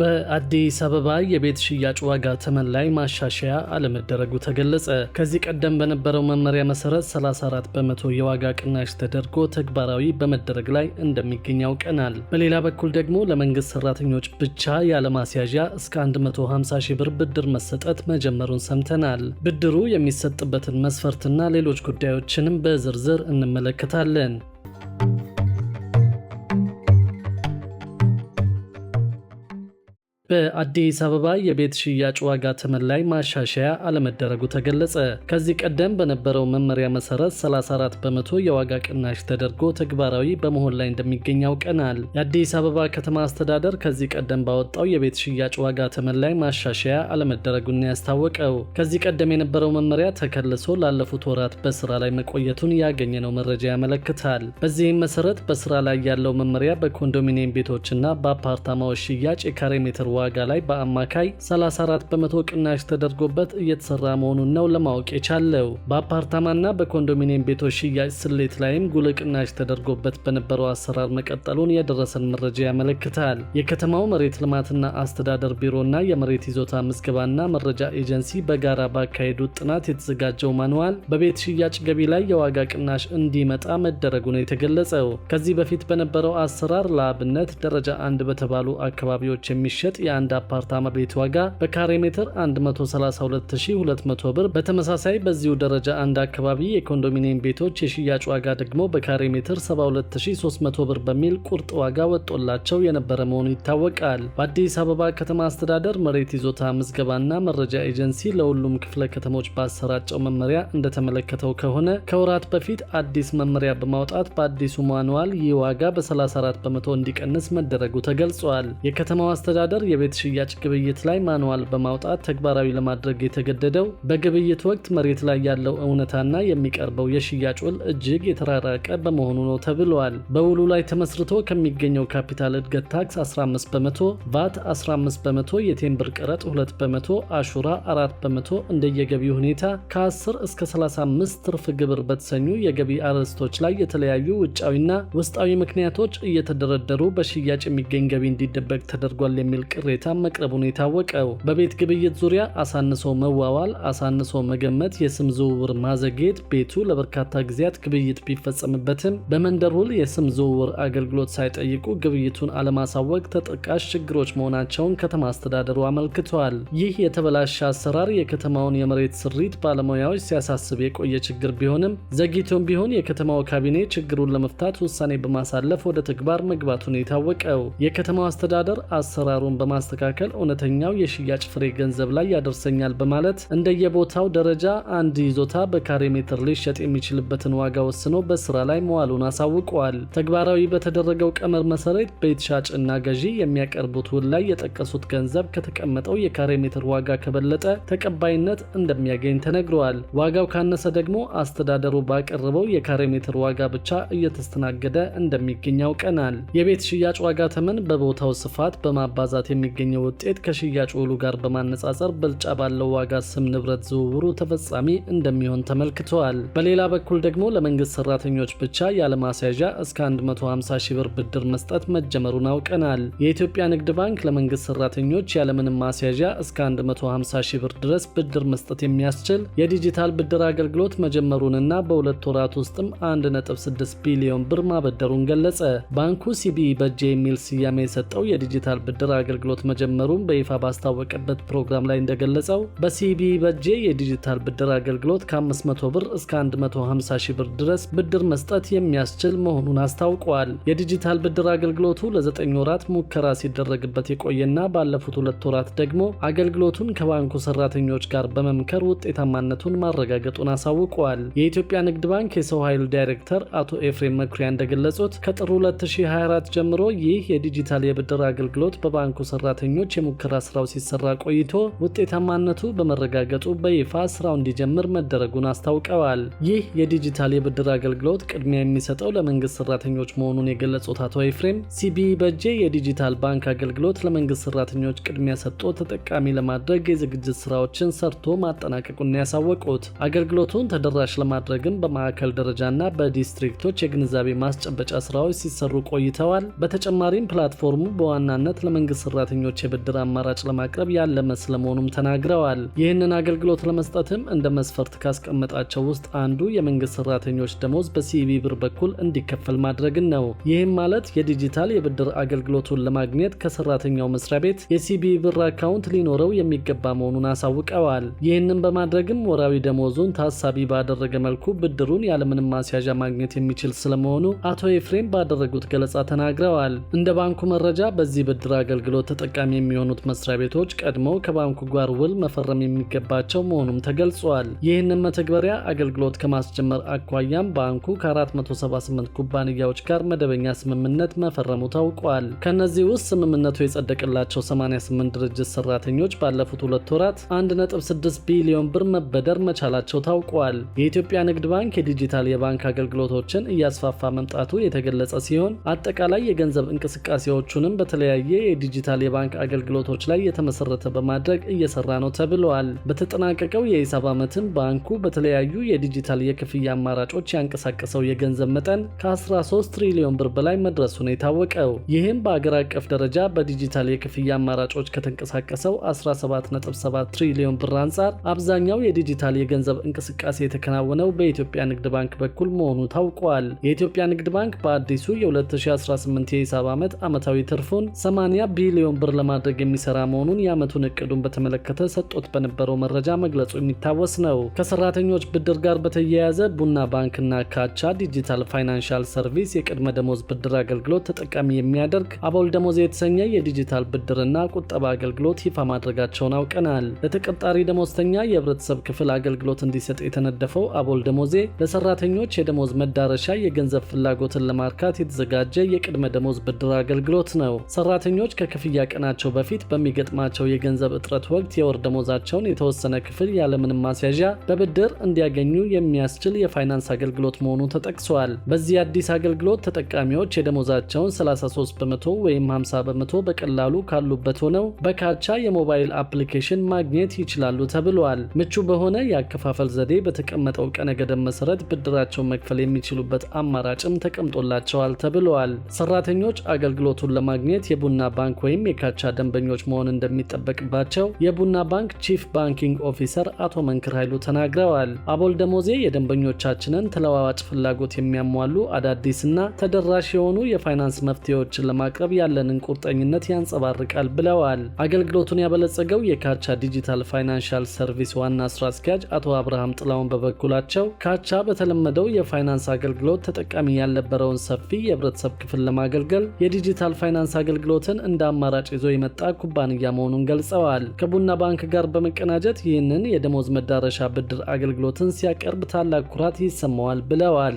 በአዲስ አበባ የቤት ሽያጭ ዋጋ ተመን ላይ ማሻሻያ አለመደረጉ ተገለጸ። ከዚህ ቀደም በነበረው መመሪያ መሰረት 34 በመቶ የዋጋ ቅናሽ ተደርጎ ተግባራዊ በመደረግ ላይ እንደሚገኝ ያውቀናል። በሌላ በኩል ደግሞ ለመንግስት ሰራተኞች ብቻ ያለማስያዣ እስከ 150 ሺህ ብር ብድር መሰጠት መጀመሩን ሰምተናል። ብድሩ የሚሰጥበትን መስፈርትና ሌሎች ጉዳዮችንም በዝርዝር እንመለከታለን። በአዲስ አበባ የቤት ሽያጭ ዋጋ ተመን ላይ ማሻሻያ አለመደረጉ ተገለጸ። ከዚህ ቀደም በነበረው መመሪያ መሰረት 34 በመቶ የዋጋ ቅናሽ ተደርጎ ተግባራዊ በመሆን ላይ እንደሚገኝ ያውቀናል። የአዲስ አበባ ከተማ አስተዳደር ከዚህ ቀደም ባወጣው የቤት ሽያጭ ዋጋ ተመን ላይ ማሻሻያ አለመደረጉን ያስታወቀው ከዚህ ቀደም የነበረው መመሪያ ተከልሶ ላለፉት ወራት በስራ ላይ መቆየቱን ያገኘነው መረጃ ያመለክታል። በዚህም መሰረት በስራ ላይ ያለው መመሪያ በኮንዶሚኒየም ቤቶችና በአፓርታማዎች ሽያጭ የካሬ ሜትር ዋጋ ላይ በአማካይ 34 በመቶ ቅናሽ ተደርጎበት እየተሰራ መሆኑን ነው ለማወቅ የቻለው። በአፓርታማና በኮንዶሚኒየም ቤቶች ሽያጭ ስሌት ላይም ጉልህ ቅናሽ ተደርጎበት በነበረው አሰራር መቀጠሉን የደረሰን መረጃ ያመለክታል። የከተማው መሬት ልማትና አስተዳደር ቢሮና የመሬት ይዞታ ምዝገባና መረጃ ኤጀንሲ በጋራ ባካሄዱት ጥናት የተዘጋጀው ማንዋል በቤት ሽያጭ ገቢ ላይ የዋጋ ቅናሽ እንዲመጣ መደረጉ ነው የተገለጸው። ከዚህ በፊት በነበረው አሰራር ለአብነት ደረጃ አንድ በተባሉ አካባቢዎች የሚሸጥ የአንድ አፓርታማ ቤት ዋጋ በካሬ ሜትር 132200 ብር፣ በተመሳሳይ በዚሁ ደረጃ አንድ አካባቢ የኮንዶሚኒየም ቤቶች የሽያጭ ዋጋ ደግሞ በካሬ ሜትር 72300 ብር በሚል ቁርጥ ዋጋ ወጦላቸው የነበረ መሆኑ ይታወቃል። በአዲስ አበባ ከተማ አስተዳደር መሬት ይዞታ ምዝገባና መረጃ ኤጀንሲ ለሁሉም ክፍለ ከተሞች ባሰራጨው መመሪያ እንደተመለከተው ከሆነ ከወራት በፊት አዲስ መመሪያ በማውጣት በአዲሱ ማኑዋል ይህ ዋጋ በ34 በመቶ እንዲቀንስ መደረጉ ተገልጿል። የከተማው አስተዳደር የቤት ሽያጭ ግብይት ላይ ማንዋል በማውጣት ተግባራዊ ለማድረግ የተገደደው በግብይት ወቅት መሬት ላይ ያለው እውነታና የሚቀርበው የሽያጭ ውል እጅግ የተራራቀ በመሆኑ ነው ተብለዋል። በውሉ ላይ ተመስርቶ ከሚገኘው ካፒታል እድገት ታክስ 15 በመቶ፣ ቫት 15 በመቶ፣ የቴምብር ቀረጥ 2 በመቶ፣ አሹራ 4 በመቶ እንደየገቢው ሁኔታ ከ10 እስከ 35 ትርፍ ግብር በተሰኙ የገቢ አርዕስቶች ላይ የተለያዩ ውጫዊና ውስጣዊ ምክንያቶች እየተደረደሩ በሽያጭ የሚገኝ ገቢ እንዲደበቅ ተደርጓል የሚል ቅሬታ ቅሬታ መቅረቡን የታወቀው። በቤት ግብይት ዙሪያ አሳንሶ መዋዋል፣ አሳንሶ መገመት፣ የስም ዝውውር ማዘግየት ቤቱ ለበርካታ ጊዜያት ግብይት ቢፈጸምበትም በመንደር ውል የስም ዝውውር አገልግሎት ሳይጠይቁ ግብይቱን አለማሳወቅ ተጠቃሽ ችግሮች መሆናቸውን ከተማ አስተዳደሩ አመልክቷል። ይህ የተበላሸ አሰራር የከተማውን የመሬት ስሪት ባለሙያዎች ሲያሳስብ የቆየ ችግር ቢሆንም ዘግይቶም ቢሆን የከተማው ካቢኔ ችግሩን ለመፍታት ውሳኔ በማሳለፍ ወደ ተግባር መግባቱን የታወቀው የከተማው አስተዳደር አሰራሩን በማ በማስተካከል እውነተኛው የሽያጭ ፍሬ ገንዘብ ላይ ያደርሰኛል በማለት እንደየቦታው ደረጃ አንድ ይዞታ በካሬ ሜትር ሊሸጥ የሚችልበትን ዋጋ ወስኖ በስራ ላይ መዋሉን አሳውቀዋል። ተግባራዊ በተደረገው ቀመር መሰረት ቤት ሻጭና ገዢ የሚያቀርቡት ውል ላይ የጠቀሱት ገንዘብ ከተቀመጠው የካሬ ሜትር ዋጋ ከበለጠ ተቀባይነት እንደሚያገኝ ተነግረዋል። ዋጋው ካነሰ ደግሞ አስተዳደሩ ባቀረበው የካሬ ሜትር ዋጋ ብቻ እየተስተናገደ እንደሚገኝ ያውቀናል። የቤት ሽያጭ ዋጋ ተመን በቦታው ስፋት በማባዛት የሚገኘው ውጤት ከሽያጭ ውሉ ጋር በማነጻጸር ብልጫ ባለው ዋጋ ስም ንብረት ዝውውሩ ተፈጻሚ እንደሚሆን ተመልክተዋል። በሌላ በኩል ደግሞ ለመንግስት ሰራተኞች ብቻ ያለማስያዣ እስከ 150 ሺህ ብር ብድር መስጠት መጀመሩን አውቀናል። የኢትዮጵያ ንግድ ባንክ ለመንግስት ሰራተኞች ያለምንም ማስያዣ እስከ 150 ሺህ ብር ድረስ ብድር መስጠት የሚያስችል የዲጂታል ብድር አገልግሎት መጀመሩንና በሁለት ወራት ውስጥም 1.6 ቢሊዮን ብር ማበደሩን ገለጸ። ባንኩ ሲቢኢ በጄ የሚል ስያሜ የሰጠው የዲጂታል ብድር አገልግሎት አገልግሎት መጀመሩን በይፋ ባስታወቀበት ፕሮግራም ላይ እንደገለጸው በሲቢ በጄ የዲጂታል ብድር አገልግሎት ከ500 ብር እስከ 150 ሺህ ብር ድረስ ብድር መስጠት የሚያስችል መሆኑን አስታውቋል። የዲጂታል ብድር አገልግሎቱ ለ9 ወራት ሙከራ ሲደረግበት የቆየና ባለፉት ሁለት ወራት ደግሞ አገልግሎቱን ከባንኩ ሰራተኞች ጋር በመምከር ውጤታማነቱን ማረጋገጡን አሳውቀዋል። የኢትዮጵያ ንግድ ባንክ የሰው ኃይል ዳይሬክተር አቶ ኤፍሬም መኩሪያ እንደገለጹት ከጥር 2024 ጀምሮ ይህ የዲጂታል የብድር አገልግሎት በባንኩ ሰራተኞች የሙከራ ስራው ሲሰራ ቆይቶ ውጤታማነቱ በመረጋገጡ በይፋ ስራው እንዲጀምር መደረጉን አስታውቀዋል። ይህ የዲጂታል የብድር አገልግሎት ቅድሚያ የሚሰጠው ለመንግስት ሰራተኞች መሆኑን የገለጹት አቶ ኤፍሬም ሲቢኢ በጄ የዲጂታል ባንክ አገልግሎት ለመንግስት ሰራተኞች ቅድሚያ ሰጥቶ ተጠቃሚ ለማድረግ የዝግጅት ስራዎችን ሰርቶ ማጠናቀቁን ያሳወቁት አገልግሎቱን ተደራሽ ለማድረግም በማዕከል ደረጃና በዲስትሪክቶች የግንዛቤ ማስጨበጫ ስራዎች ሲሰሩ ቆይተዋል። በተጨማሪም ፕላትፎርሙ በዋናነት ለመንግስት ሰራ። ለሰራተኞች የብድር አማራጭ ለማቅረብ ያለመ ስለመሆኑም ተናግረዋል። ይህንን አገልግሎት ለመስጠትም እንደ መስፈርት ካስቀመጣቸው ውስጥ አንዱ የመንግስት ሰራተኞች ደሞዝ በሲቢ ብር በኩል እንዲከፈል ማድረግን ነው። ይህም ማለት የዲጂታል የብድር አገልግሎቱን ለማግኘት ከሰራተኛው መስሪያ ቤት የሲቢ ብር አካውንት ሊኖረው የሚገባ መሆኑን አሳውቀዋል። ይህንን በማድረግም ወራዊ ደሞዙን ታሳቢ ባደረገ መልኩ ብድሩን ያለምንም ማስያዣ ማግኘት የሚችል ስለመሆኑ አቶ ኤፍሬም ባደረጉት ገለጻ ተናግረዋል። እንደ ባንኩ መረጃ በዚህ ብድር አገልግሎት ተጠቃሚ የሚሆኑት መስሪያ ቤቶች ቀድሞ ከባንኩ ጋር ውል መፈረም የሚገባቸው መሆኑም ተገልጿል። ይህንን መተግበሪያ አገልግሎት ከማስጀመር አኳያም ባንኩ ከ478 ኩባንያዎች ጋር መደበኛ ስምምነት መፈረሙ ታውቋል። ከእነዚህ ውስጥ ስምምነቱ የጸደቀላቸው 88 ድርጅት ሰራተኞች ባለፉት ሁለት ወራት 1.6 ቢሊዮን ብር መበደር መቻላቸው ታውቋል። የኢትዮጵያ ንግድ ባንክ የዲጂታል የባንክ አገልግሎቶችን እያስፋፋ መምጣቱ የተገለጸ ሲሆን አጠቃላይ የገንዘብ እንቅስቃሴዎቹንም በተለያየ የዲጂታል የባንክ አገልግሎቶች ላይ የተመሰረተ በማድረግ እየሰራ ነው ተብለዋል። በተጠናቀቀው የሂሳብ ዓመትም ባንኩ በተለያዩ የዲጂታል የክፍያ አማራጮች ያንቀሳቀሰው የገንዘብ መጠን ከ13 ትሪሊዮን ብር በላይ መድረሱ ነው የታወቀው። ይህም በአገር አቀፍ ደረጃ በዲጂታል የክፍያ አማራጮች ከተንቀሳቀሰው 177 ትሪሊዮን ብር አንጻር አብዛኛው የዲጂታል የገንዘብ እንቅስቃሴ የተከናወነው በኢትዮጵያ ንግድ ባንክ በኩል መሆኑ ታውቋል። የኢትዮጵያ ንግድ ባንክ በአዲሱ የ2018 የሂሳብ ዓመት ዓመታዊ ትርፉን 80 ቢሊዮን ቅንብር ለማድረግ የሚሰራ መሆኑን የዓመቱን እቅዱን በተመለከተ ሰጦት በነበረው መረጃ መግለጹ የሚታወስ ነው። ከሰራተኞች ብድር ጋር በተያያዘ ቡና ባንክና ካቻ ዲጂታል ፋይናንሻል ሰርቪስ የቅድመ ደሞዝ ብድር አገልግሎት ተጠቃሚ የሚያደርግ አቦል ደሞዝ የተሰኘ የዲጂታል ብድርና ቁጠባ አገልግሎት ይፋ ማድረጋቸውን አውቀናል። ለተቀጣሪ ደሞዝተኛ የህብረተሰብ ክፍል አገልግሎት እንዲሰጥ የተነደፈው አቦል ደሞዜ ለሰራተኞች የደሞዝ መዳረሻ የገንዘብ ፍላጎትን ለማርካት የተዘጋጀ የቅድመ ደሞዝ ብድር አገልግሎት ነው። ሰራተኞች ከክፍያ ቀናቸው በፊት በሚገጥማቸው የገንዘብ እጥረት ወቅት የወር ደሞዛቸውን የተወሰነ ክፍል ያለምንም ማስያዣ በብድር እንዲያገኙ የሚያስችል የፋይናንስ አገልግሎት መሆኑ ተጠቅሷል። በዚህ አዲስ አገልግሎት ተጠቃሚዎች የደሞዛቸውን 33 በመቶ ወይም 50 በመቶ በቀላሉ ካሉበት ሆነው በካቻ የሞባይል አፕሊኬሽን ማግኘት ይችላሉ ተብሏል። ምቹ በሆነ የአከፋፈል ዘዴ በተቀመጠው ቀነ ገደብ መሰረት ብድራቸውን መክፈል የሚችሉበት አማራጭም ተቀምጦላቸዋል ተብለዋል። ሰራተኞች አገልግሎቱን ለማግኘት የቡና ባንክ ወይም የካቻ ደንበኞች መሆን እንደሚጠበቅባቸው የቡና ባንክ ቺፍ ባንኪንግ ኦፊሰር አቶ መንክር ኃይሉ ተናግረዋል። አቦል ደሞዜ የደንበኞቻችንን ተለዋዋጭ ፍላጎት የሚያሟሉ አዳዲስና ተደራሽ የሆኑ የፋይናንስ መፍትሄዎችን ለማቅረብ ያለንን ቁርጠኝነት ያንጸባርቃል ብለዋል። አገልግሎቱን ያበለጸገው የካቻ ዲጂታል ፋይናንሻል ሰርቪስ ዋና ስራ አስኪያጅ አቶ አብርሃም ጥላውን በበኩላቸው ካቻ በተለመደው የፋይናንስ አገልግሎት ተጠቃሚ ያልነበረውን ሰፊ የህብረተሰብ ክፍል ለማገልገል የዲጂታል ፋይናንስ አገልግሎትን እንደ አማራ አማራጭ ይዞ የመጣ ኩባንያ መሆኑን ገልጸዋል። ከቡና ባንክ ጋር በመቀናጀት ይህንን የደሞዝ መዳረሻ ብድር አገልግሎትን ሲያቀርብ ታላቅ ኩራት ይሰማዋል ብለዋል።